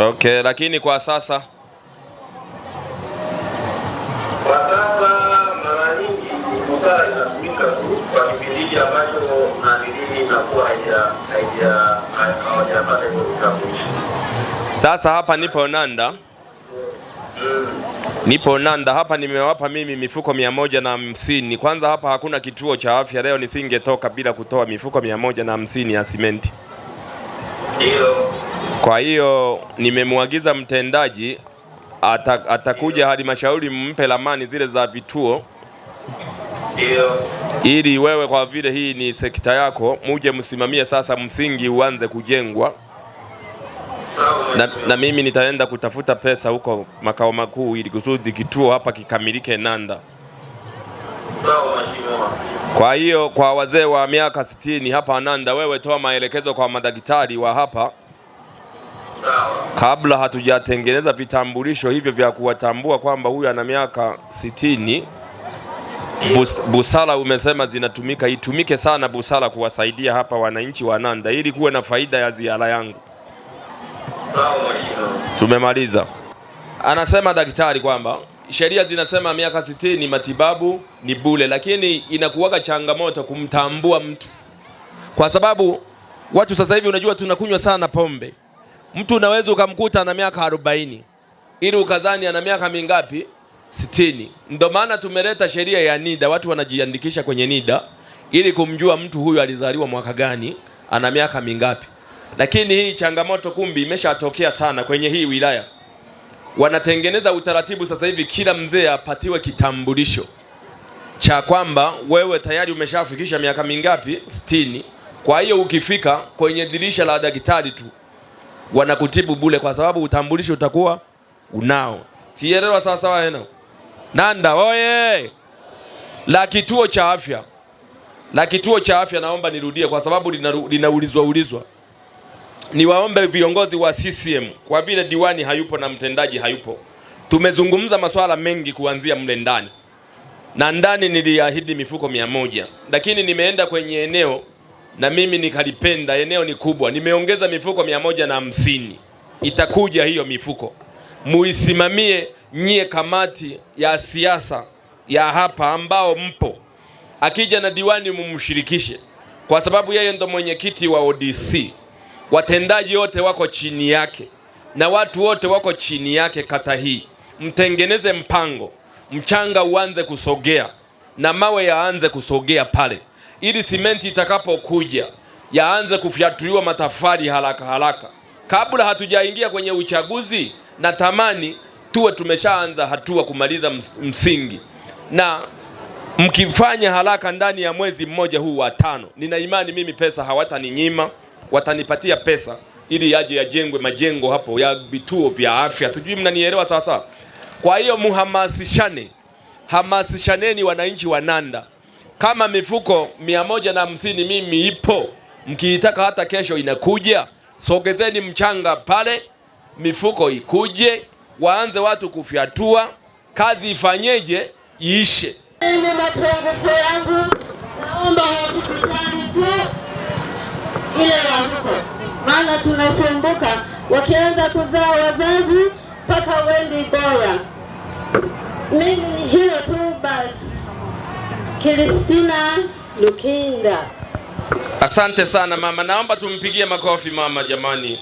Okay, lakini kwa sasa sasa mara nyingi inatumika tu kwa kipindi ambacho inakuwa hawajapata Sasa hapa nipo Nanda mm. Nipo Nanda hapa, nimewapa mimi mifuko mia moja na hamsini. Kwanza hapa hakuna kituo cha afya, leo nisingetoka bila kutoa mifuko mia moja na hamsini ya simenti. Ndio. Kwa hiyo nimemwagiza mtendaji atakuja halmashauri mpe ramani zile za vituo ili wewe kwa vile hii ni sekta yako muje msimamie sasa, msingi uanze kujengwa na, na mimi nitaenda kutafuta pesa huko makao makuu ili kusudi kituo hapa kikamilike Nanda. Kwa hiyo kwa wazee wa miaka sitini hapa Nanda, wewe toa maelekezo kwa madaktari wa hapa kabla hatujatengeneza vitambulisho hivyo vya kuwatambua kwamba huyu ana miaka sitini, bus, busara umesema zinatumika, itumike sana busara kuwasaidia hapa wananchi wa Nanda ili kuwe na faida ya ziara yangu. Tumemaliza. Anasema daktari kwamba sheria zinasema miaka sitini matibabu ni bure, lakini inakuwaga changamoto kumtambua mtu, kwa sababu watu sasa hivi, unajua, tunakunywa sana pombe Mtu unaweza ukamkuta ana miaka arobaini ili ukazani ana miaka mingapi? Sitini. Ndio maana tumeleta sheria ya NIDA, watu wanajiandikisha kwenye NIDA ili kumjua mtu huyu alizaliwa mwaka gani, ana miaka mingapi. Lakini hii changamoto kumbi imeshatokea sana kwenye hii wilaya. Wanatengeneza utaratibu sasa hivi, kila mzee apatiwe kitambulisho cha kwamba wewe tayari umeshafikisha miaka mingapi? Sitini. Kwa hiyo ukifika kwenye dirisha la daktari tu wanakutibu bule kwa sababu utambulisho utakuwa unao. Kielewa sawasawa eno Nanda oye la kituo cha afya la kituo cha afya, naomba nirudie kwa sababu linaulizwa ulizwa. Niwaombe viongozi wa CCM kwa vile diwani hayupo na mtendaji hayupo, tumezungumza masuala mengi kuanzia mle ndani na ndani. Niliahidi mifuko mia moja, lakini nimeenda kwenye eneo na mimi nikalipenda. Eneo ni kubwa, nimeongeza mifuko mia moja na hamsini. Itakuja hiyo mifuko, muisimamie nyie, kamati ya siasa ya hapa ambao mpo. Akija na diwani mumshirikishe, kwa sababu yeye ndo mwenyekiti wa ODC. Watendaji wote wako chini yake na watu wote wako chini yake. Kata hii mtengeneze mpango, mchanga uanze kusogea na mawe yaanze kusogea pale ili simenti itakapokuja yaanze kufyatuliwa matafari haraka haraka. Kabla hatujaingia kwenye uchaguzi, natamani tuwe tumeshaanza hatua kumaliza msingi, na mkifanya haraka ndani ya mwezi mmoja huu wa tano, nina imani mimi pesa hawataninyima, watanipatia pesa ili yaje yajengwe majengo hapo ya vituo vya afya. Sijui mnanielewa sawasawa? Kwa hiyo muhamasishane, hamasishaneni wananchi wa Nanda kama mifuko mia moja na hamsini mimi ipo, mkiitaka hata kesho inakuja. Sogezeni mchanga pale, mifuko ikuje, waanze watu kufyatua. Kazi ifanyeje? Iishe. Mimi mapungufu yangu naomba hospitali tu ile ya huko, maana tunasumbuka, wakianza kuzaa wazazi mpaka wendi bora. Mimi hiyo tu basi. Kristina Lukinda. Asante sana mama, naomba tumpigie makofi mama jamani.